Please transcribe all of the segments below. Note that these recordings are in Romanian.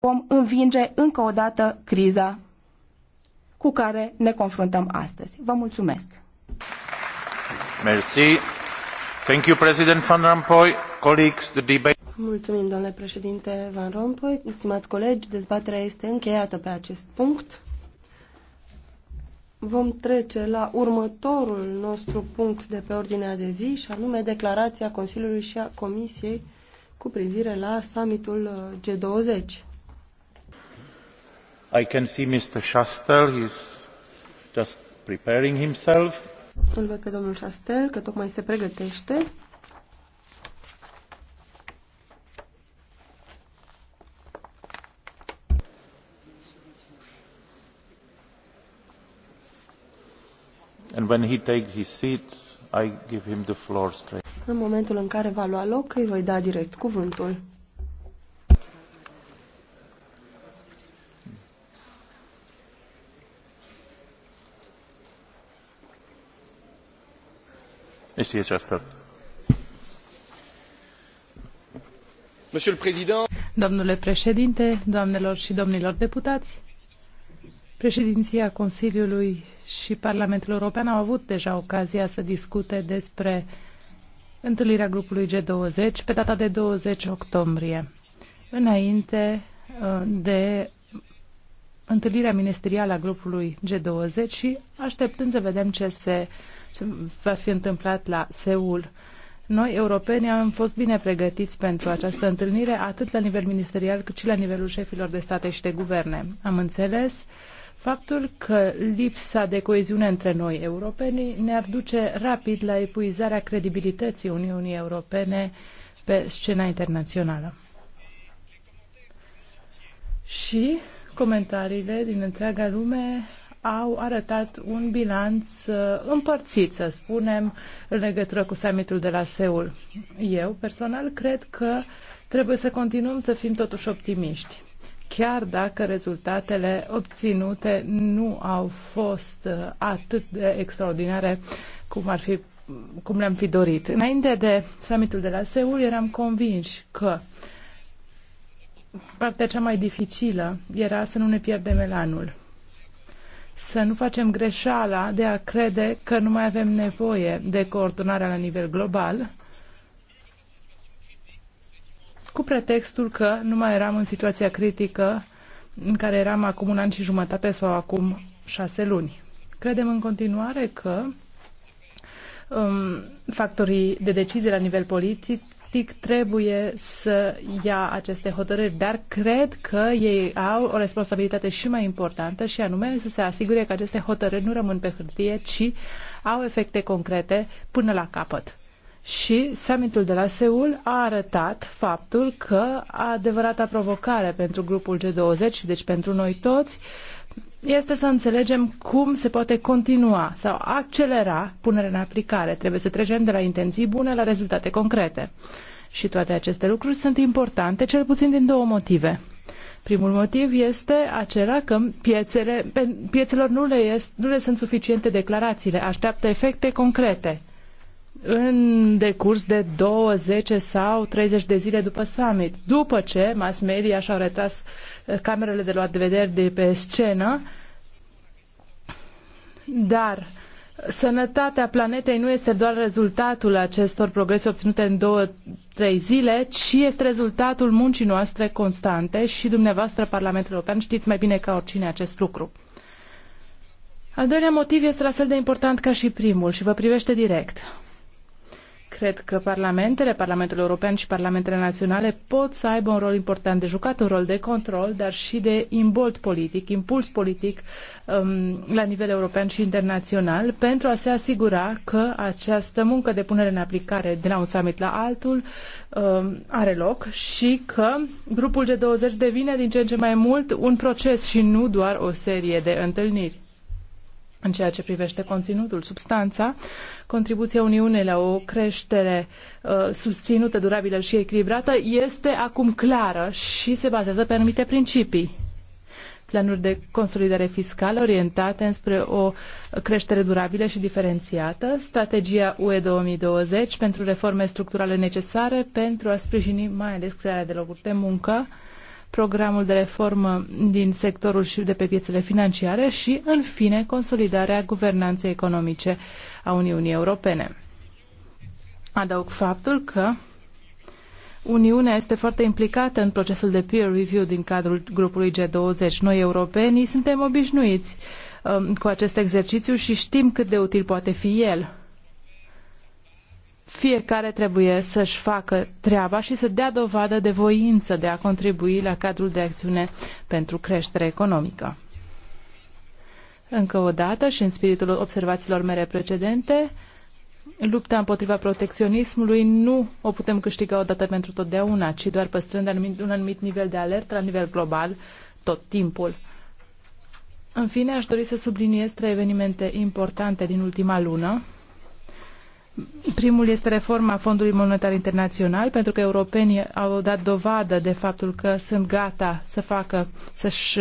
vom învinge încă o dată criza cu care ne confruntăm astăzi. Vă mulțumesc! Merci. Thank you, President Van Rompuy. Colleagues, the debate... Mulțumim, domnule președinte Van Rompuy. Stimați colegi, dezbaterea este încheiată pe acest punct. Vom trece la următorul nostru punct de pe ordinea de zi, și anume declarația Consiliului și a Comisiei cu privire la summitul G20. I can see Mr. is just preparing himself. Îl văd pe domnul Chastel că tocmai se pregătește. And when he takes his seat, I give him the floor straight. În momentul în care va lua loc, îi voi da direct cuvântul. Domnule președinte, doamnelor și domnilor deputați, președinția Consiliului și Parlamentul European au avut deja ocazia să discute despre întâlnirea grupului G20 pe data de 20 octombrie, înainte uh, de întâlnirea ministerială a grupului G20 și așteptând să vedem ce se ce va fi întâmplat la Seul. Noi, europenii, am fost bine pregătiți pentru această întâlnire, atât la nivel ministerial, cât și la nivelul șefilor de state și de guverne. Am înțeles faptul că lipsa de coeziune între noi, europenii, ne-ar duce rapid la epuizarea credibilității Uniunii Europene pe scena internațională. Și comentariile din întreaga lume au arătat un bilanț uh, împărțit, să spunem, în legătură cu summitul de la Seul. Eu, personal, cred că trebuie să continuăm să fim totuși optimiști chiar dacă rezultatele obținute nu au fost uh, atât de extraordinare cum ar fi cum le-am fi dorit. Înainte de summitul de la Seul eram convinși că partea cea mai dificilă era să nu ne pierdem elanul să nu facem greșeala de a crede că nu mai avem nevoie de coordonarea la nivel global, cu pretextul că nu mai eram în situația critică în care eram acum un an și jumătate sau acum șase luni. Credem în continuare că um, factorii de decizie la nivel politic practic trebuie să ia aceste hotărâri, dar cred că ei au o responsabilitate și mai importantă și anume să se asigure că aceste hotărâri nu rămân pe hârtie, ci au efecte concrete până la capăt. Și summitul de la Seul a arătat faptul că adevărata provocare pentru grupul G20, deci pentru noi toți, uh, este să înțelegem cum se poate continua sau accelera punerea în aplicare. Trebuie să trecem de la intenții bune la rezultate concrete. Și toate aceste lucruri sunt importante, cel puțin din două motive. Primul motiv este acela că piețele, piețelor nu le, este, nu le sunt suficiente declarațiile, așteaptă efecte concrete în decurs de 20 sau 30 de zile după summit, după ce mass media și-au retras eh, camerele de luat de vedere de pe scenă, dar sănătatea planetei nu este doar rezultatul acestor progrese obținute în două, trei zile, ci este rezultatul muncii noastre constante și dumneavoastră, Parlamentul European, știți mai bine ca oricine acest lucru. Al doilea motiv este la fel de important ca și primul și vă privește direct. Cred că parlamentele, Parlamentul European și parlamentele naționale pot să aibă un rol important de jucat, un rol de control, dar și de imbolt politic, impuls politic um, la nivel european și internațional pentru a se asigura că această muncă de punere în aplicare de la un summit la altul um, are loc și că grupul G20 devine din ce în ce mai mult un proces și nu doar o serie de întâlniri. În ceea ce privește conținutul, substanța, contribuția Uniunii la o creștere uh, susținută, durabilă și echilibrată este acum clară și se bazează pe anumite principii planuri de consolidare fiscală orientate înspre o creștere durabilă și diferențiată, strategia UE 2020 pentru reforme structurale necesare pentru a sprijini mai ales crearea de locuri de muncă, programul de reformă din sectorul și de pe piețele financiare și, în fine, consolidarea guvernanței economice a Uniunii Europene. Adaug faptul că Uniunea este foarte implicată în procesul de peer review din cadrul grupului G20. Noi, europenii, suntem obișnuiți um, cu acest exercițiu și știm cât de util poate fi el fiecare trebuie să-și facă treaba și să dea dovadă de voință de a contribui la cadrul de acțiune pentru creștere economică. Încă o dată și în spiritul observațiilor mele precedente, lupta împotriva protecționismului nu o putem câștiga odată pentru totdeauna, ci doar păstrând un anumit nivel de alertă la nivel global tot timpul. În fine, aș dori să subliniez trei evenimente importante din ultima lună Primul este reforma Fondului Monetar Internațional, pentru că europenii au dat dovadă de faptul că sunt gata să facă, să-și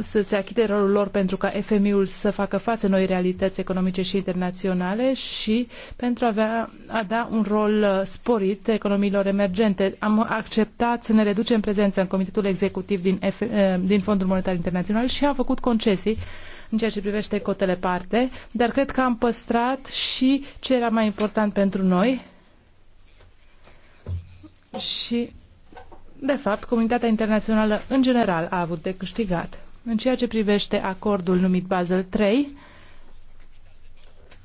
să se achite rolul lor pentru ca FMI-ul să facă față noi realități economice și internaționale și pentru a, avea, a da un rol sporit economiilor emergente. Am acceptat să ne reducem prezența în Comitetul Executiv din, F, din Fondul Monetar Internațional și am făcut concesii în ceea ce privește cotele parte, dar cred că am păstrat și ce era mai important pentru noi și, de fapt, comunitatea internațională în general a avut de câștigat. În ceea ce privește acordul numit Basel III,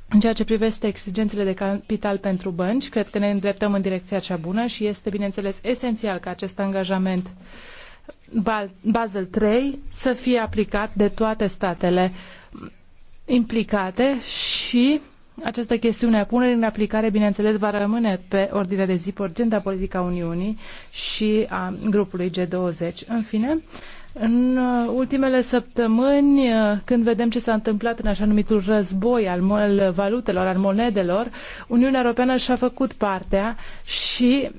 în ceea ce privește exigențele de capital pentru bănci, cred că ne îndreptăm în direcția cea bună și este, bineînțeles, esențial ca acest angajament uh, Basel III să fie aplicat de toate statele implicate și această chestiune a punerii în aplicare, bineînțeles, va rămâne pe ordinea de zi pe agenda politică a Uniunii și a grupului G20. În fine, în ultimele săptămâni, când vedem ce s-a întâmplat în așa numitul război al valutelor, al monedelor, Uniunea Europeană și-a făcut partea și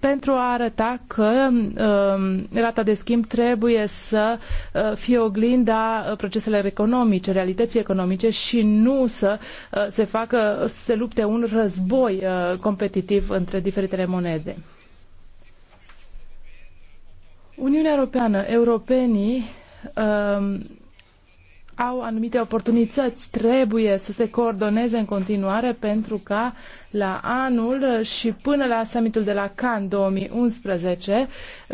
pentru a arăta că uh, rata de schimb trebuie să uh, fie oglinda uh, proceselor economice, realității economice și nu să uh, se facă, să se lupte un război uh, competitiv între diferitele monede. Uniunea Europeană, europenii um, au anumite oportunități, trebuie să se coordoneze în continuare pentru ca la anul și până la summitul de la Cannes 2011,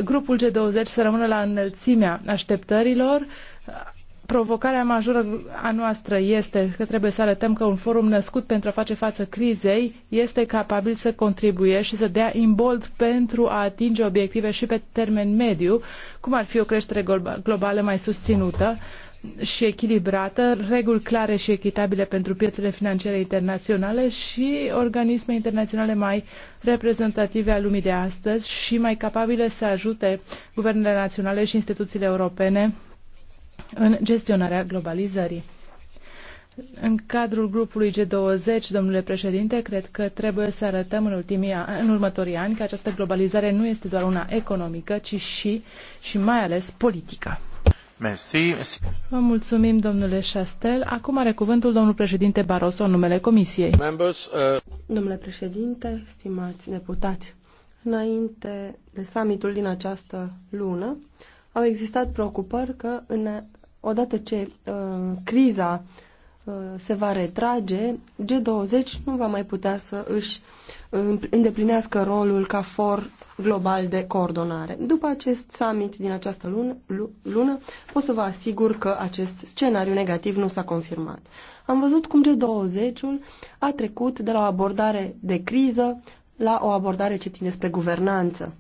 grupul G20 să rămână la înălțimea așteptărilor. Provocarea majoră a noastră este că trebuie să arătăm că un forum născut pentru a face față crizei este capabil să contribuie și să dea imbold pentru a atinge obiective și pe termen mediu, cum ar fi o creștere globală mai susținută, și echilibrată, reguli clare și echitabile pentru piețele financiare internaționale și organisme internaționale mai reprezentative a lumii de astăzi și mai capabile să ajute guvernele naționale și instituțiile europene în gestionarea globalizării. În cadrul grupului G20, domnule președinte, cred că trebuie să arătăm în, ultimii, în următorii ani că această globalizare nu este doar una economică, ci și și mai ales politică. Vă mulțumim, domnule Chastel. Acum are cuvântul domnul președinte Barroso în numele Comisiei. Members, uh... Domnule președinte, stimați deputați, înainte de summitul din această lună, au existat preocupări că, în, odată ce uh, criza Uh, se va retrage, G20 nu va mai putea să își uh, îndeplinească rolul ca for global de coordonare. După acest summit din această lună, lună pot să vă asigur că acest scenariu negativ nu s-a confirmat. Am văzut cum G20-ul a trecut de la o abordare de criză la o abordare ce tinde spre guvernanță.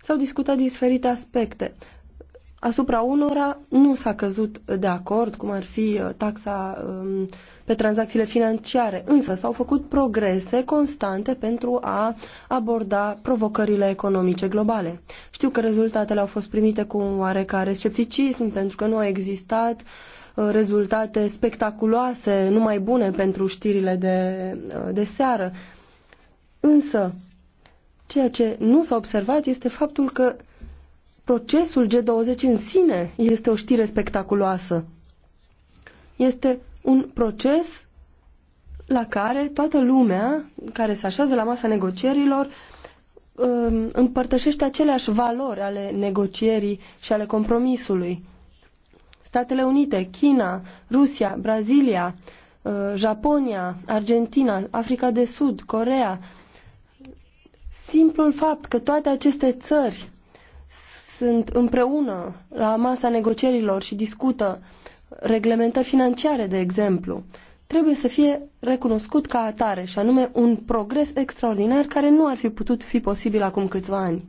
S-au discutat diferite aspecte, asupra unora nu s-a căzut de acord, cum ar fi uh, taxa um, pe tranzacțiile financiare, însă s-au făcut progrese constante pentru a aborda provocările economice globale. Știu că rezultatele au fost primite cu un oarecare scepticism, pentru că nu a existat uh, rezultate spectaculoase, numai bune pentru știrile de, uh, de seară. Însă, ceea ce nu s-a observat este faptul că procesul G20 în sine este o știre spectaculoasă. Este un proces la care toată lumea care se așează la masa negocierilor um, împărtășește aceleași valori ale negocierii și ale compromisului. Statele Unite, China, Rusia, Brazilia, uh, Japonia, Argentina, Africa de Sud, Corea. Simplul fapt că toate aceste țări sunt împreună la masa negocierilor și discută reglementări financiare, de exemplu, trebuie să fie recunoscut ca atare, și anume un progres extraordinar care nu ar fi putut fi posibil acum câțiva ani.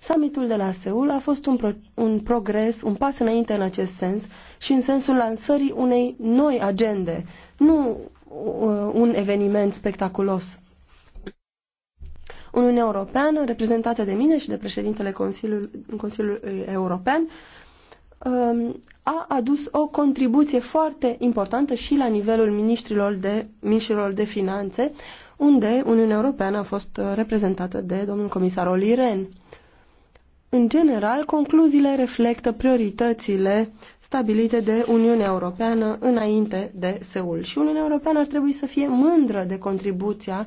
Summitul de la Seul a fost un, pro un progres, un pas înainte în acest sens și în sensul lansării unei noi agende, nu uh, un eveniment spectaculos. Uniunea Europeană, reprezentată de mine și de președintele Consiliului, Consiliului European, um, a adus o contribuție foarte importantă și la nivelul ministrilor de, ministrilor de finanțe, unde Uniunea Europeană a fost uh, reprezentată de domnul comisar Oli În general, concluziile reflectă prioritățile stabilite de Uniunea Europeană înainte de Seul și Uniunea Europeană ar trebui să fie mândră de contribuția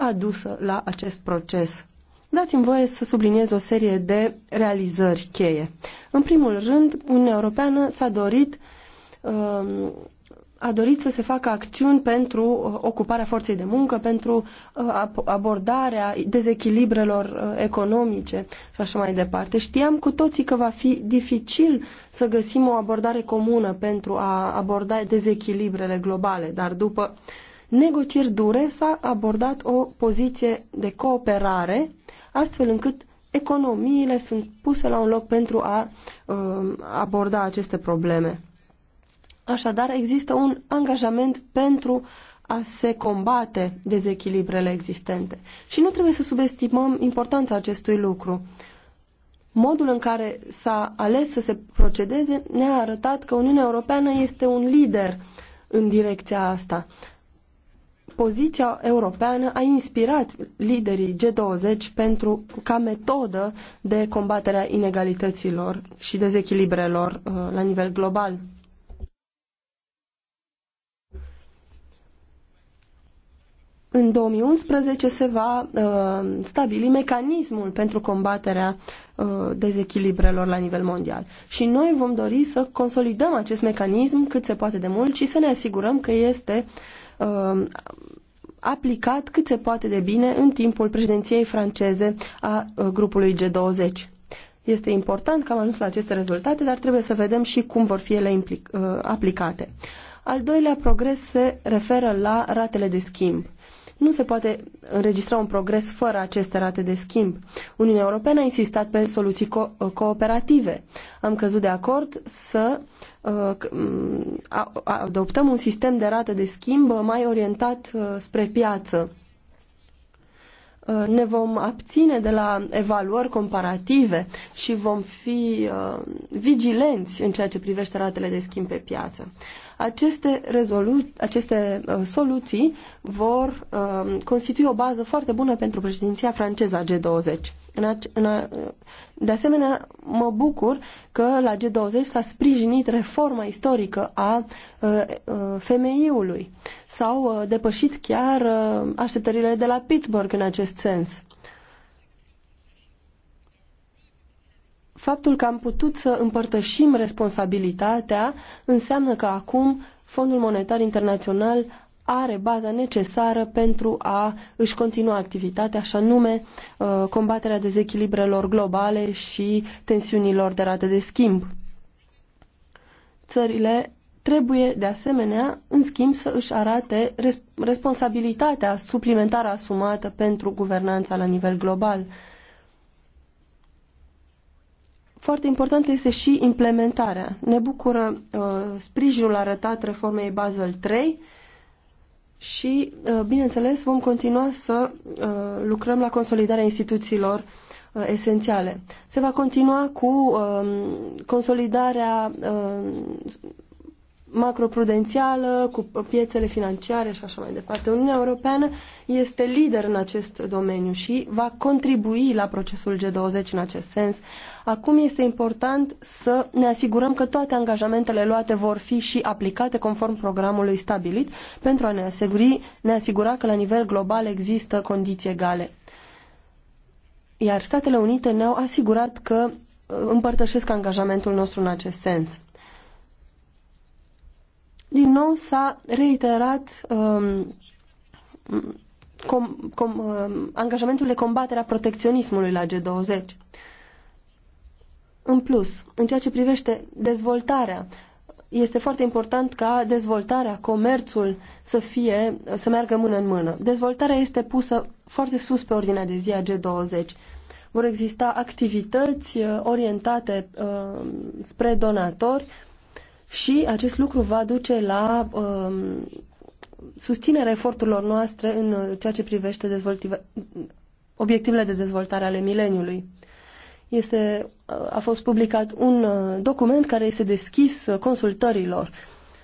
adusă la acest proces. Dați-mi voie să subliniez o serie de realizări cheie. În primul rând, Uniunea Europeană s-a dorit um, a dorit să se facă acțiuni pentru uh, ocuparea forței de muncă, pentru uh, abordarea dezechilibrelor uh, economice și așa mai departe. Știam cu toții că va fi dificil să găsim o abordare comună pentru a aborda dezechilibrele globale, dar după negocieri dure s-a abordat o poziție de cooperare, astfel încât economiile sunt puse la un loc pentru a uh, aborda aceste probleme. Așadar, există un angajament pentru a se combate dezechilibrele existente. Și nu trebuie să subestimăm importanța acestui lucru. Modul în care s-a ales să se procedeze ne-a arătat că Uniunea Europeană este un lider în direcția asta poziția europeană a inspirat liderii G20 pentru, ca metodă de combatere a inegalităților și dezechilibrelor uh, la nivel global. În 2011 se va uh, stabili mecanismul pentru combaterea uh, dezechilibrelor la nivel mondial. Și noi vom dori să consolidăm acest mecanism cât se poate de mult și să ne asigurăm că este uh, Uh, aplicat cât se poate de bine în timpul președinției franceze a uh, grupului G20. Este important că am ajuns la aceste rezultate, dar trebuie să vedem și cum vor fi ele uh, aplicate. Al doilea progres se referă la ratele de schimb. Nu se poate înregistra un progres fără aceste rate de schimb. Uniunea Europeană a insistat pe soluții co- cooperative. Am căzut de acord să uh, adoptăm un sistem de rate de schimb mai orientat uh, spre piață. Uh, ne vom abține de la evaluări comparative și vom fi uh, vigilenți în ceea ce privește ratele de schimb pe piață. Aceste, rezolu- aceste uh, soluții vor uh, constitui o bază foarte bună pentru președinția franceză a G20. În a, în a, de asemenea, mă bucur că la G20 s-a sprijinit reforma istorică a uh, uh, femeiului. S-au uh, depășit chiar uh, așteptările de la Pittsburgh în acest sens Faptul că am putut să împărtășim responsabilitatea înseamnă că acum Fondul Monetar Internațional are baza necesară pentru a își continua activitatea, așa nume uh, combaterea dezechilibrelor globale și tensiunilor de rate de schimb. Țările trebuie, de asemenea, în schimb, să își arate responsabilitatea suplimentară asumată pentru guvernanța la nivel global. Foarte importantă este și implementarea. Ne bucură uh, sprijinul arătat reformei Basel III și, uh, bineînțeles, vom continua să uh, lucrăm la consolidarea instituțiilor uh, esențiale. Se va continua cu uh, consolidarea uh, macroprudențială, cu piețele financiare și așa mai departe. Uniunea Europeană este lider în acest domeniu și va contribui la procesul G20 în acest sens. Acum este important să ne asigurăm că toate angajamentele luate vor fi și aplicate conform programului stabilit pentru a ne, asiguri, ne asigura că la nivel global există condiții egale. Iar Statele Unite ne-au asigurat că uh, împărtășesc angajamentul nostru în acest sens din nou s-a reiterat um, com, com, um, angajamentul de combatere a protecționismului la G20. În plus, în ceea ce privește dezvoltarea, este foarte important ca dezvoltarea, comerțul să fie, să meargă mână în mână. Dezvoltarea este pusă foarte sus pe ordinea de zi a G20. Vor exista activități uh, orientate uh, spre donatori, uh, și acest lucru va duce la um, susținerea eforturilor noastre în ceea ce privește obiectivele de dezvoltare ale mileniului. Este, uh, a fost publicat un uh, document care este deschis uh, consultărilor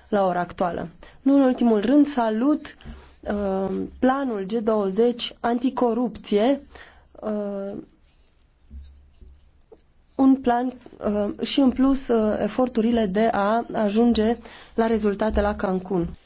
la ora actuală. Nu în ultimul rând, salut uh, planul G20 anticorupție uh, un plan uh, și în plus uh, eforturile de a ajunge la rezultate la Cancun.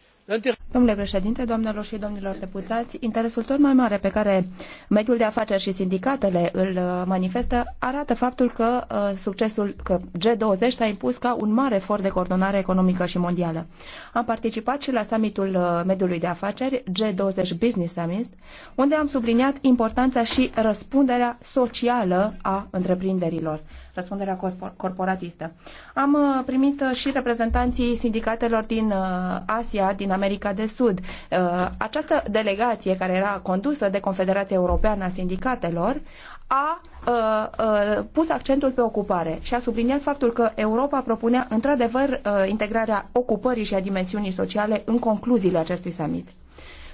Domnule președinte, doamnelor și domnilor deputați, interesul tot mai mare pe care mediul de afaceri și sindicatele îl uh, manifestă arată faptul că uh, succesul că G20 s-a impus ca un mare efort de coordonare economică și mondială. Am participat și la summitul uh, mediului de afaceri G20 Business Summit, unde am subliniat importanța și răspunderea socială a întreprinderilor răspunderea corporatistă. Am uh, primit uh, și reprezentanții sindicatelor din uh, Asia, din America de Sud. Această delegație care era condusă de Confederația Europeană a Sindicatelor a pus accentul pe ocupare și a subliniat faptul că Europa propunea într-adevăr integrarea ocupării și a dimensiunii sociale în concluziile acestui summit.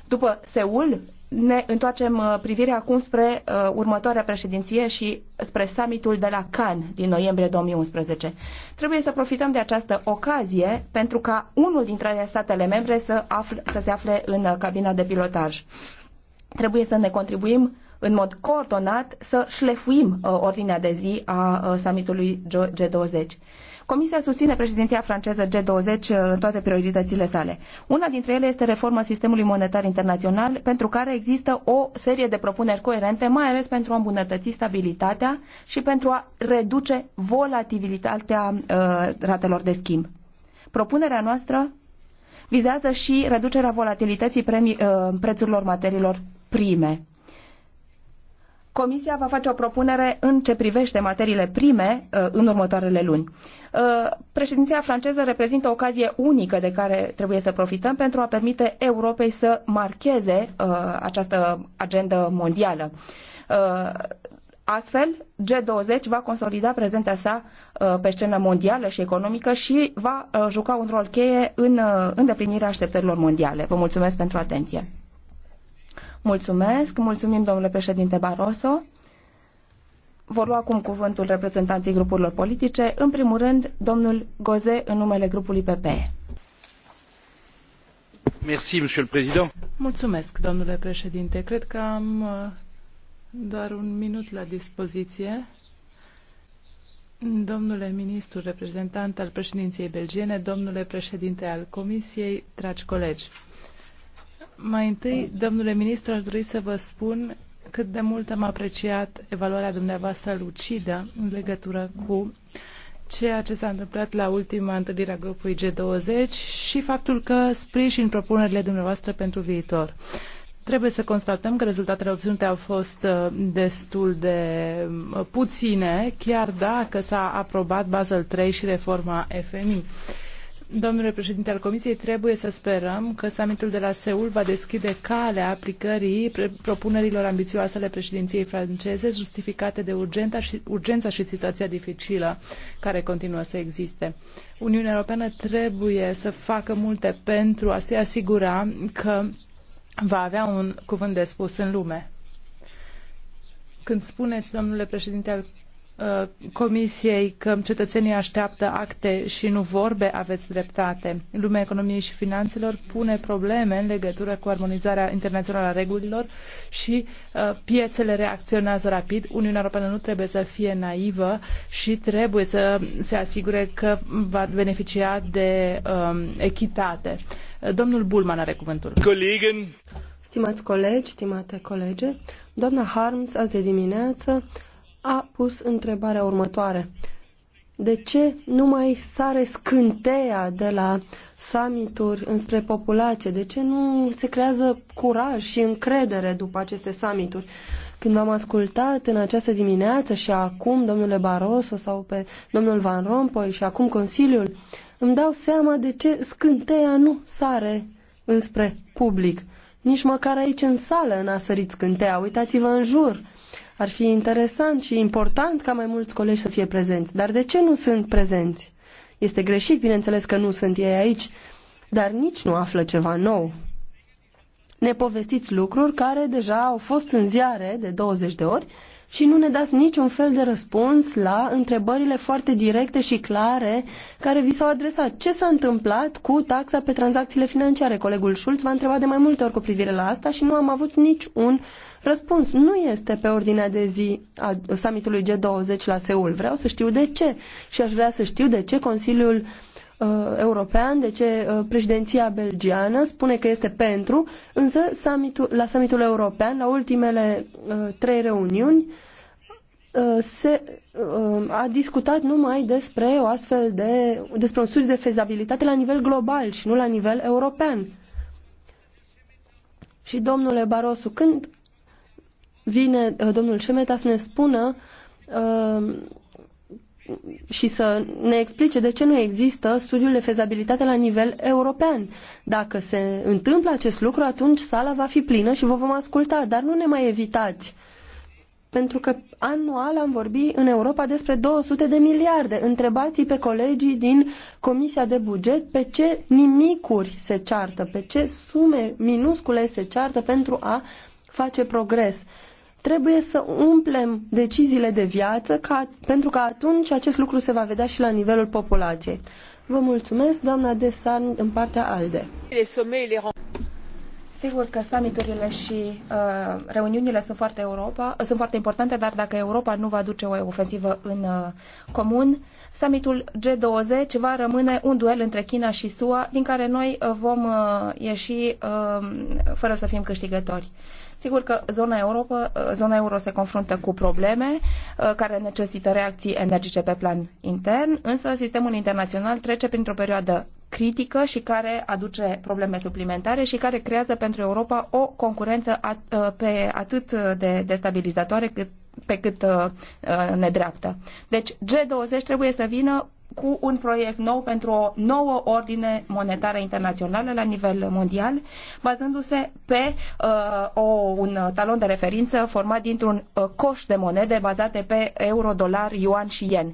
După Seul, ne întoarcem uh, privirea acum spre uh, următoarea președinție și spre summitul de la Cannes din noiembrie 2011. Trebuie să profităm de această ocazie pentru ca unul dintre statele membre să, afl- să se afle în uh, cabina de pilotaj. Trebuie să ne contribuim în mod coordonat să șlefuim uh, ordinea de zi a uh, summitului G20. Comisia susține președinția franceză G20 uh, în toate prioritățile sale. Una dintre ele este reforma sistemului monetar internațional, pentru care există o serie de propuneri coerente, mai ales pentru a îmbunătăți stabilitatea și pentru a reduce volatilitatea uh, ratelor de schimb. Propunerea noastră vizează și reducerea volatilității premii, uh, prețurilor materiilor prime. Comisia va face o propunere în ce privește materiile prime uh, în următoarele luni. Uh, președinția franceză reprezintă o ocazie unică de care trebuie să profităm pentru a permite Europei să marcheze uh, această agendă mondială. Astfel, G20 va consolida prezența sa pe scenă mondială și economică și va juca un rol cheie în îndeplinirea așteptărilor mondiale. Vă mulțumesc pentru atenție. Mulțumesc, mulțumim domnule președinte Barroso. Vor lua acum cuvântul reprezentanții grupurilor politice. În primul rând, domnul Goze în numele grupului PPE. Merci, monsieur le président. Mulțumesc, domnule președinte. Cred că am uh, doar un minut la dispoziție. Domnule ministru, reprezentant al președinției belgiene, domnule președinte al Comisiei, dragi colegi, mai întâi, domnule ministru, aș dori să vă spun cât de mult am apreciat evaluarea dumneavoastră lucidă în legătură cu ceea ce s-a întâmplat la ultima întâlnire a grupului G20 și faptul că sprijin propunerile dumneavoastră pentru viitor. Trebuie să constatăm că rezultatele obținute au fost uh, destul de uh, puține, chiar dacă s-a aprobat Basel III și reforma FMI. Domnule președinte al Comisiei, trebuie să sperăm că summitul de la Seul va deschide calea aplicării propunerilor ambițioase ale președinției franceze, justificate de și, urgența și situația dificilă care continuă să existe. Uniunea Europeană trebuie să facă multe pentru a se asigura că va avea un cuvânt de spus în lume. Când spuneți, domnule președinte al Uh, comisiei că cetățenii așteaptă acte și nu vorbe, aveți dreptate. Lumea economiei și finanțelor pune probleme în legătură cu armonizarea internațională a regulilor și uh, piețele reacționează rapid. Uniunea Europeană nu trebuie să fie naivă și trebuie să se asigure că va beneficia de um, echitate. Domnul Bulman are cuvântul. Colegen. Stimați colegi, stimate colege, doamna Harms azi de dimineață a pus întrebarea următoare. De ce nu mai sare scânteia de la summituri înspre populație? De ce nu se creează curaj și încredere după aceste summituri? Când v-am ascultat în această dimineață și acum domnule Barroso sau pe domnul Van Rompuy și acum Consiliul, îmi dau seama de ce scânteia nu sare înspre public. Nici măcar aici în sală n-a sărit scânteia. Uitați-vă în jur ar fi interesant și important ca mai mulți colegi să fie prezenți. Dar de ce nu sunt prezenți? Este greșit, bineînțeles că nu sunt ei aici, dar nici nu află ceva nou. Ne povestiți lucruri care deja au fost în ziare de 20 de ori și nu ne dați niciun fel de răspuns la întrebările foarte directe și clare care vi s-au adresat. Ce s-a întâmplat cu taxa pe tranzacțiile financiare? Colegul Schulz v-a întrebat de mai multe ori cu privire la asta și nu am avut niciun răspuns. Nu este pe ordinea de zi a summitului G20 la Seul. Vreau să știu de ce și aș vrea să știu de ce Consiliul uh, Uh, european, de ce uh, președinția belgiană spune că este pentru, însă summitul, la summitul european, la ultimele uh, trei reuniuni, se a discutat numai despre o astfel de despre un studiu de fezabilitate la nivel global și nu la nivel european. Și domnule Barosu, când vine domnul Șemeta să ne spună uh, și să ne explice de ce nu există studiul de fezabilitate la nivel european. Dacă se întâmplă acest lucru, atunci sala va fi plină și vă vom asculta, dar nu ne mai evitați. Pentru că anual am vorbit în Europa despre 200 de miliarde. întrebați pe colegii din Comisia de Buget pe ce nimicuri se ceartă, pe ce sume minuscule se ceartă pentru a face progres. Trebuie să umplem deciziile de viață ca, pentru că atunci acest lucru se va vedea și la nivelul populației. Vă mulțumesc, doamna Desan, în partea ALDE. Sigur că summiturile și uh, reuniunile sunt foarte, Europa, sunt foarte importante, dar dacă Europa nu va duce o ofensivă în uh, comun, summitul G20 va rămâne un duel între China și SUA, din care noi uh, vom uh, ieși uh, fără să fim câștigători. Sigur că zona, Europa, zona euro se confruntă cu probleme uh, care necesită reacții energice pe plan intern, însă sistemul internațional trece printr-o perioadă critică și care aduce probleme suplimentare și care creează pentru Europa o concurență uh, pe atât de destabilizatoare cât pe cât uh, uh nedreaptă. Deci G20 trebuie să vină cu un proiect nou pentru o nouă ordine monetară internațională la nivel mondial, bazându-se pe uh, o, un talon de referință format dintr-un uh, coș de monede bazate pe euro, dolar, yuan și yen.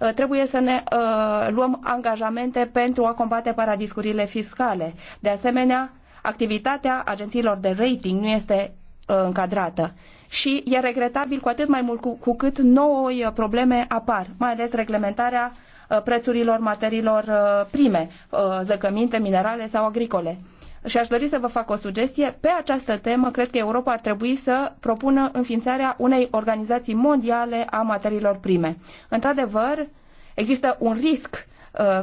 Uh, trebuie să ne uh, luăm angajamente pentru a combate paradiscurile fiscale. De asemenea, activitatea agențiilor de rating nu este uh, încadrată și e regretabil cu atât mai mult cu, cu cât noi uh, probleme apar, mai ales reglementarea uh, Uh, prețurilor materiilor uh, prime, uh, zăcăminte, minerale sau agricole. Și aș dori să vă fac o sugestie. Pe această temă, cred că Europa ar trebui să propună înființarea unei organizații mondiale a materiilor prime. Într-adevăr, există un risc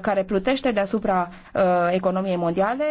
care plutește deasupra economiei mondiale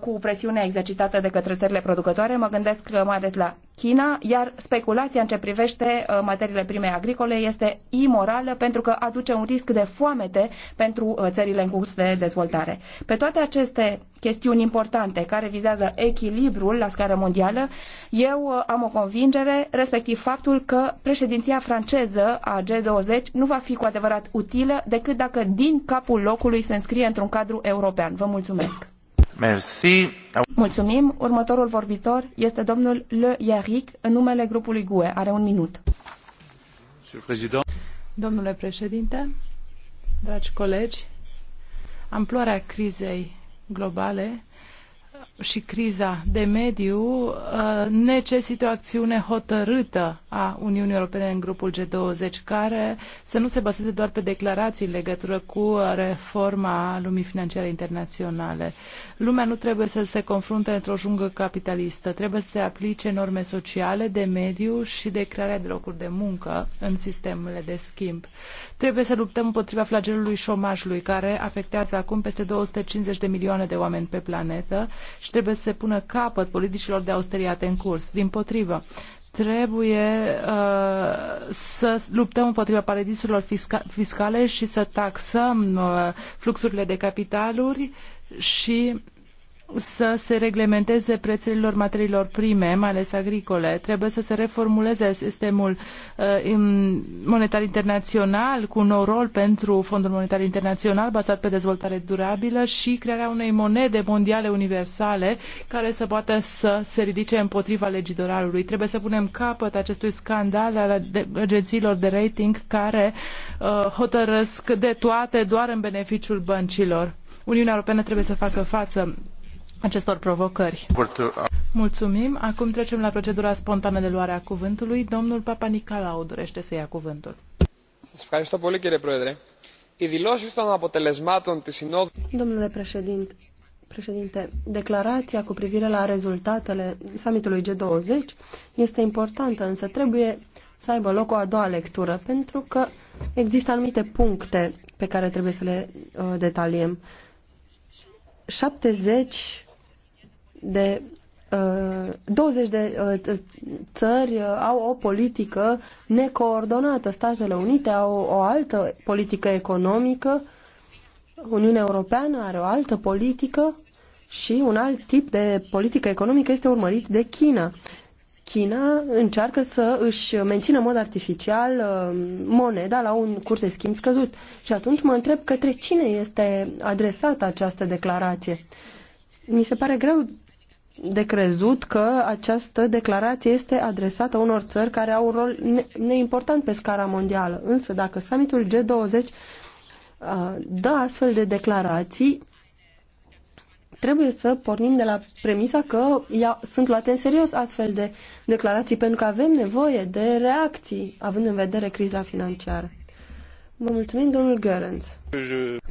cu presiunea exercitată de către țările producătoare. Mă gândesc mai ales la China, iar speculația în ce privește uh, materiile prime agricole este imorală pentru că aduce un risc de foamete pentru uh, țările în curs de dezvoltare. Pe toate aceste chestiuni importante care vizează echilibrul la scară mondială, eu uh, am o convingere, respectiv faptul că președinția franceză a G20 nu va fi cu adevărat utilă decât dacă din capul locului se înscrie într-un cadru european. Vă mulțumesc! Merci. Mulțumim. Următorul vorbitor este domnul Le Iaric, în numele grupului GUE. Are un minut. Domnule președinte, dragi colegi, amploarea crizei globale și criza de mediu uh, necesită o acțiune hotărâtă a Uniunii Europene în grupul G20, care să nu se bazeze doar pe declarații în legătură cu reforma lumii financiare internaționale. Lumea nu trebuie să se confrunte într-o jungă capitalistă, trebuie să se aplice norme sociale, de mediu și de crearea de locuri de muncă în sistemele de schimb. Trebuie să luptăm împotriva flagelului șomajului, care afectează acum peste 250 de milioane de oameni pe planetă și trebuie să se pună capăt politicilor de austeritate în curs. Din potrivă, trebuie uh, să luptăm împotriva paradisurilor fisca- fiscale și să taxăm uh, fluxurile de capitaluri și să se reglementeze prețurilor materiilor prime, mai ales agricole. Trebuie să se reformuleze sistemul uh, monetar internațional cu un nou rol pentru Fondul Monetar Internațional bazat pe dezvoltare durabilă și crearea unei monede mondiale universale care să poată să se ridice împotriva legidoralului. Trebuie să punem capăt acestui scandal al agențiilor de rating care uh, hotărăsc de toate doar în beneficiul băncilor. Uniunea Europeană trebuie să facă față acestor provocări. Mulțumim. Acum trecem la procedura spontană de luare a cuvântului. Domnul Papa Nicolau dorește să ia cuvântul. Domnule președinte, președinte, declarația cu privire la rezultatele summitului G20 este importantă, însă trebuie să aibă loc o a doua lectură, pentru că există anumite puncte pe care trebuie să le uh, detaliem. 70 de 20 uh, de uh, țări uh, au o politică necoordonată. Statele Unite au o altă politică economică, Uniunea Europeană are o altă politică și un alt tip de politică economică este urmărit de China. China încearcă să își mențină în mod artificial moneda la un curs de schimb scăzut. Și atunci mă întreb către cine este adresată această declarație. Mi se pare greu de crezut că această declarație este adresată unor țări care au un rol neimportant pe scara mondială. Însă dacă summitul G20 uh, dă astfel de declarații, trebuie să pornim de la premisa că ia, sunt luate în serios astfel de declarații, pentru că avem nevoie de reacții, având în vedere criza financiară. Vă mulțumim, domnul Gărenț.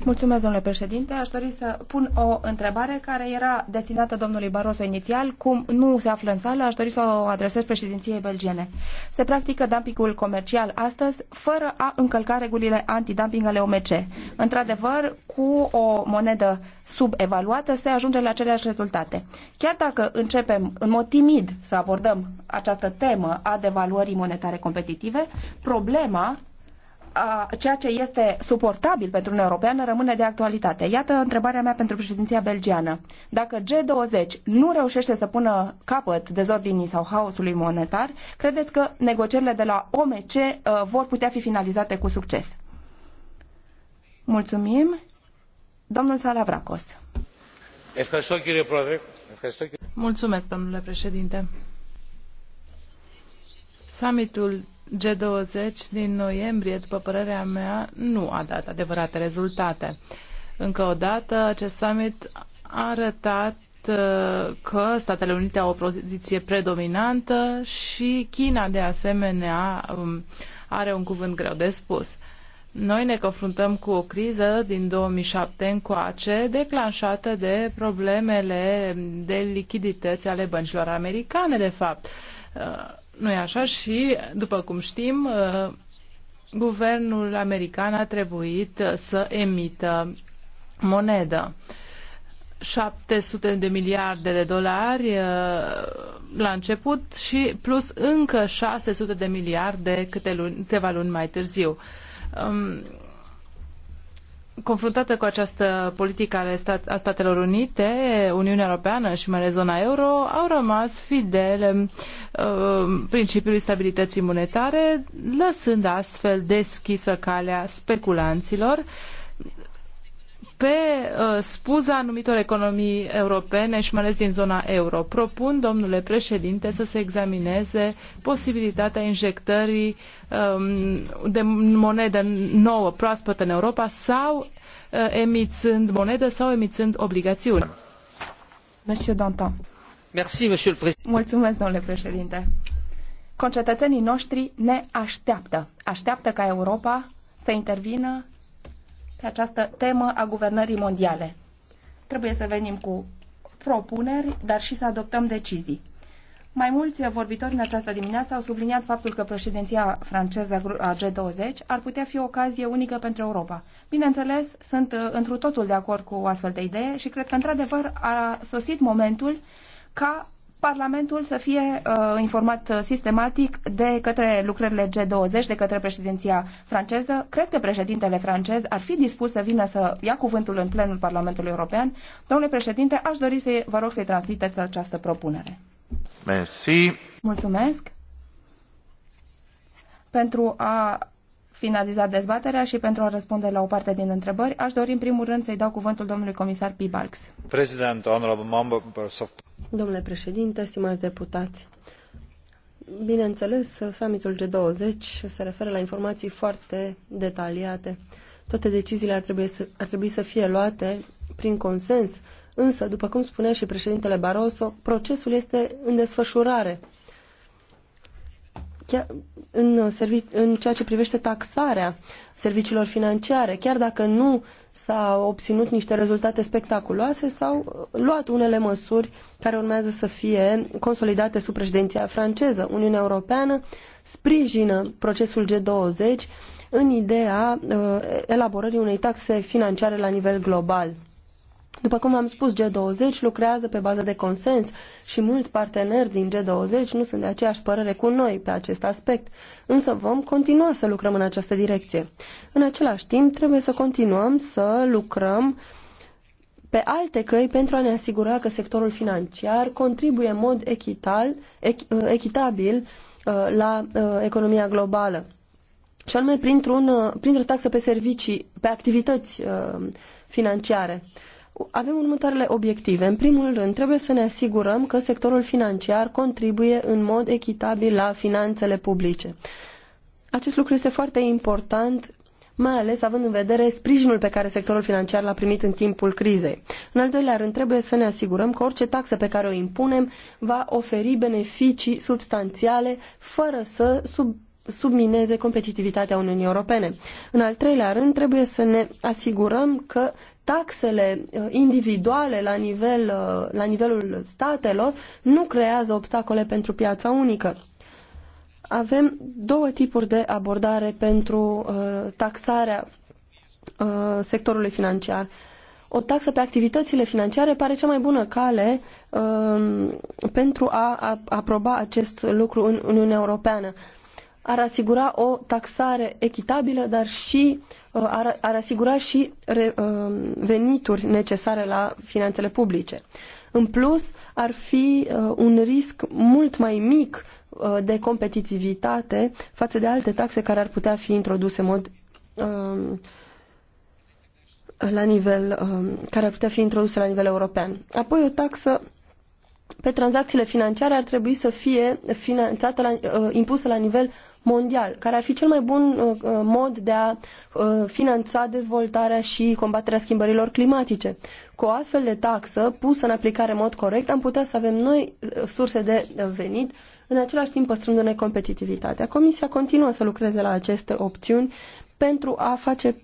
Mulțumesc, domnule președinte. Aș dori să pun o întrebare care era destinată domnului Barroso inițial. Cum nu se află în sală, aș dori să o adresez președinției belgiene. Se practică dumpingul comercial astăzi fără a încălca regulile antidumping ale OMC. Într-adevăr, cu o monedă subevaluată se ajunge la aceleași rezultate. Chiar dacă începem în mod timid să abordăm această temă a devaluării monetare competitive, problema ceea ce este suportabil pentru Uniunea Europeană rămâne de actualitate. Iată întrebarea mea pentru președinția belgiană. Dacă G20 nu reușește să pună capăt dezordinii sau haosului monetar, credeți că negocierile de la OMC uh, vor putea fi finalizate cu succes? Mulțumim. Domnul Salavracos. Mulțumesc, domnule președinte. Summitul G20 din noiembrie, după părerea mea, nu a dat adevărate rezultate. Încă o dată, acest summit a arătat uh, că Statele Unite au o poziție predominantă și China, de asemenea, um, are un cuvânt greu de spus. Noi ne confruntăm cu o criză din 2007 încoace, declanșată de problemele de lichidități ale băncilor americane, de fapt uh, nu e așa? Și, după cum știm, uh, guvernul american a trebuit uh, să emită monedă. 700 de miliarde de dolari uh, la început și plus încă 600 de miliarde câteva luni mai târziu. Um, confruntată cu această politică stat, a Statelor Unite, Uniunea Europeană și mai zona euro au rămas fidele uh, principiului stabilității monetare, lăsând astfel deschisă calea speculanților uh, pe uh, spuza anumitor economii europene și mai ales din zona euro. Propun, domnule președinte, să se examineze posibilitatea injectării um, de monedă nouă, proaspătă în Europa sau uh, emițând monedă sau emițând obligațiuni. Monsieur Danton. Merci, monsieur le Mulțumesc, domnule președinte. Concetățenii noștri ne așteaptă. Așteaptă ca Europa să intervină pe această temă a guvernării mondiale. Trebuie să venim cu propuneri, dar și să adoptăm decizii. Mai mulți vorbitori în această dimineață au subliniat faptul că președinția franceză a G20 ar putea fi o ocazie unică pentru Europa. Bineînțeles, sunt uh, întru totul de acord cu o astfel de idee și cred că, într-adevăr, a sosit momentul ca Parlamentul să fie uh, informat uh, sistematic de către lucrările G20, de către președinția franceză. Cred că președintele francez ar fi dispus să vină să ia cuvântul în plenul Parlamentului European. Domnule președinte, aș dori să vă rog să-i transmiteți această propunere. Merci. Mulțumesc. Pentru a finalizat dezbaterea și pentru a răspunde la o parte din întrebări, aș dori în primul rând să-i dau cuvântul domnului comisar Pibalks. Domnule președinte, stimați deputați, bineînțeles, summitul G20 se referă la informații foarte detaliate. Toate deciziile ar trebui să, ar trebui să fie luate prin consens, însă, după cum spunea și președintele Barroso, procesul este în desfășurare chiar în, în ceea ce privește taxarea serviciilor financiare, chiar dacă nu s-au obținut niște rezultate spectaculoase, s-au luat unele măsuri care urmează să fie consolidate sub președinția franceză. Uniunea Europeană sprijină procesul G20 în ideea uh, elaborării unei taxe financiare la nivel global. După cum am spus, G20 lucrează pe bază de consens și mulți parteneri din G20 nu sunt de aceeași părere cu noi pe acest aspect, însă vom continua să lucrăm în această direcție. În același timp, trebuie să continuăm să lucrăm pe alte căi pentru a ne asigura că sectorul financiar contribuie în mod echital, ech, uh, echitabil uh, la uh, economia globală. Și anume printr o printr-o taxă pe servicii, pe activități financiare avem următoarele obiective. În primul rând, trebuie să ne asigurăm că sectorul financiar contribuie în mod echitabil la finanțele publice. Acest lucru este foarte important mai ales având în vedere sprijinul pe care sectorul financiar l-a primit în timpul crizei. În al doilea rând, trebuie să ne asigurăm că orice taxă pe care o impunem va oferi beneficii substanțiale fără să sub submineze competitivitatea Uniunii Europene. În al treilea rând, trebuie să ne asigurăm că taxele uh, individuale la, nivel, uh, la nivelul statelor nu creează obstacole pentru piața unică. Avem două tipuri de abordare pentru uh, taxarea uh, sectorului financiar. O taxă pe activitățile financiare pare cea mai bună cale uh, pentru a, a aproba acest lucru în Uniunea Europeană ar asigura o taxare echitabilă, dar și uh, ar, ar asigura și re, uh, venituri necesare la finanțele publice. În plus, ar fi uh, un risc mult mai mic de competitivitate față de alte taxe care ar putea fi introduse în mod um, la nivel um, care ar putea fi introduse la nivel european. Apoi o taxă pe tranzacțiile financiare ar trebui să fie finanțată la, impusă la nivel mondial, care ar fi cel mai bun uh, uh, mod de a uh, finanța dezvoltarea și combaterea schimbărilor climatice. Cu o astfel de taxă pusă în aplicare în mod corect, am putea să avem noi surse de venit, în același timp păstrându-ne competitivitatea. Comisia continuă să lucreze la aceste opțiuni pentru a face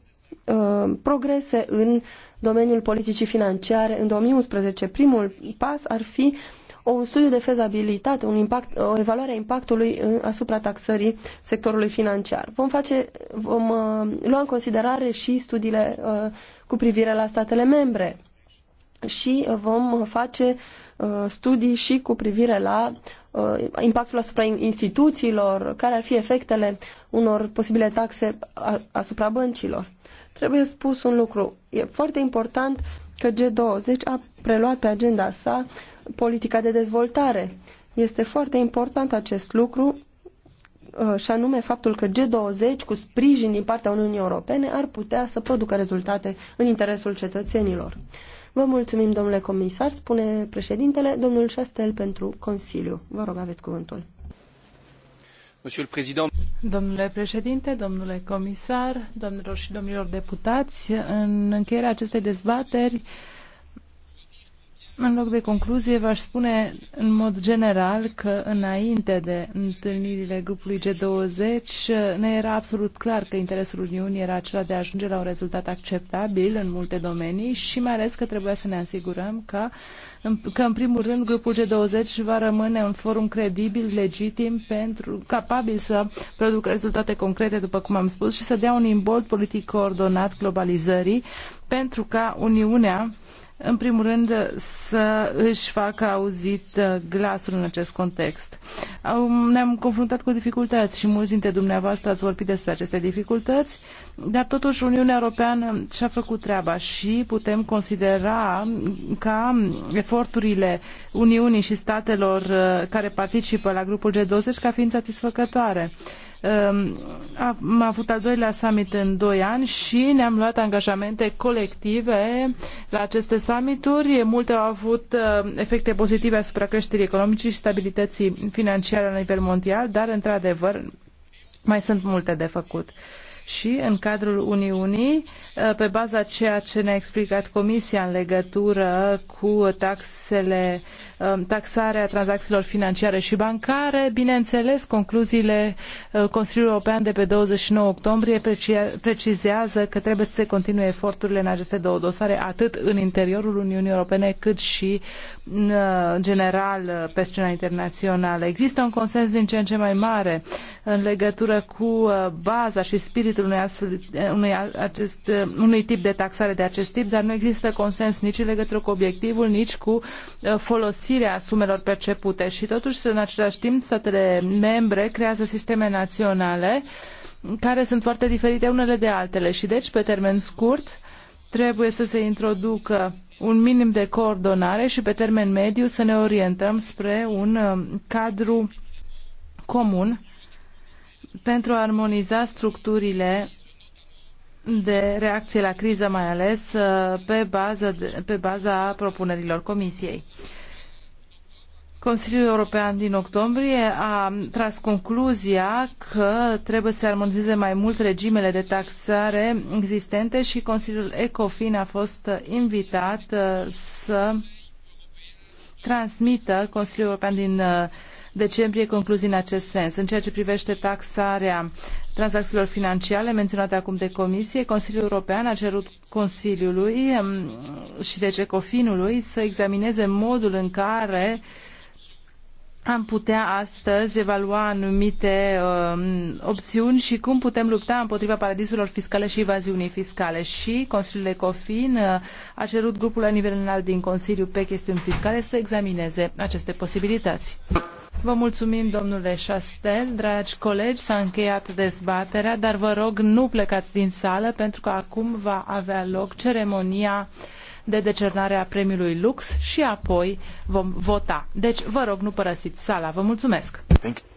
uh, progrese în domeniul politicii financiare. În 2011, primul pas ar fi uh, o studiu de fezabilitate, un impact, o evaluare a impactului asupra taxării sectorului financiar. Vom, face, vom uh, lua în considerare și studiile uh, cu privire la statele membre și uh, vom face studii și cu privire la impactul asupra instituțiilor, care ar fi efectele unor posibile taxe asupra băncilor. Trebuie spus un lucru. E foarte important că G20 a preluat pe agenda sa uh, politica de dezvoltare. Este foarte important acest lucru uh, și anume faptul că G20 cu sprijin din partea Uniunii Europene ar putea să producă rezultate în interesul cetățenilor. Vă mulțumim, domnule comisar, spune președintele, domnul Șastel pentru Consiliu. Vă rog, aveți cuvântul. Domnule președinte, domnule comisar, domnilor și domnilor deputați, în încheierea acestei dezbateri, în loc de concluzie, v-aș spune în mod general că înainte de întâlnirile grupului G20 ne era absolut clar că interesul Uniunii era acela de a ajunge la un rezultat acceptabil în multe domenii și mai ales că trebuia să ne asigurăm că, că în primul rând grupul G20 va rămâne un forum credibil, legitim, pentru, capabil să producă rezultate concrete, după cum am spus, și să dea un imbold politic coordonat globalizării pentru ca Uniunea în primul rând, să își facă auzit uh, glasul în acest context. Ne-am confruntat cu dificultăți și mulți dintre dumneavoastră ați vorbit despre aceste dificultăți, dar totuși Uniunea Europeană și-a făcut treaba și putem considera ca eforturile Uniunii și statelor uh, care participă la grupul G20 ca fiind satisfăcătoare. Uh, am um, avut al doilea summit în doi ani și ne-am luat angajamente colective la aceste summituri. Multe au avut uh, efecte pozitive asupra creșterii economice și stabilității financiare la nivel mondial, dar, într-adevăr, mai sunt multe de făcut și în cadrul Uniunii, uh, pe baza ceea ce ne-a explicat Comisia în legătură cu taxele Um, taxarea a tranzacțiilor financiare și bancare. Bineînțeles, concluziile uh, Consiliului European de pe 29 octombrie precizează că trebuie să se continue eforturile în aceste două dosare, atât în interiorul Uniunii Europene, cât și uh, în general uh, pe scena internațională. Există un consens din ce în ce mai mare în legătură cu baza și spiritul unui, astfel, unui, acest, unui tip de taxare de acest tip, dar nu există consens nici în legătură cu obiectivul, nici cu folosirea a sumelor percepute și totuși în același timp statele membre creează sisteme naționale care sunt foarte diferite unele de altele și deci pe termen scurt trebuie să se introducă un minim de coordonare și pe termen mediu să ne orientăm spre un uh, cadru comun pentru a armoniza structurile de reacție la criză, mai ales uh, pe, bază de, pe baza propunerilor Comisiei. Consiliul European din octombrie a tras concluzia că trebuie să armonizeze mai mult regimele de taxare existente și Consiliul ECOFIN a fost invitat uh, să transmită Consiliul European din uh, decembrie concluzii în acest sens. În ceea ce privește taxarea tranzacțiilor financiare menționate acum de Comisie, Consiliul European a cerut Consiliului um, și deci ECOFIN-ului să examineze modul în care am putea astăzi evalua anumite uh, opțiuni și cum putem lupta împotriva paradisurilor fiscale și evaziunii fiscale. Și Consiliul Ecofin uh, a cerut grupul la nivel înalt din Consiliu pe chestiuni fiscale să examineze aceste posibilități. Vă mulțumim, domnule Șastel, dragi colegi, s-a încheiat dezbaterea, dar vă rog nu plecați din sală pentru că acum va avea loc ceremonia de decernarea premiului Lux și apoi vom vota. Deci, vă rog, nu părăsiți sala. Vă mulțumesc! Thank you.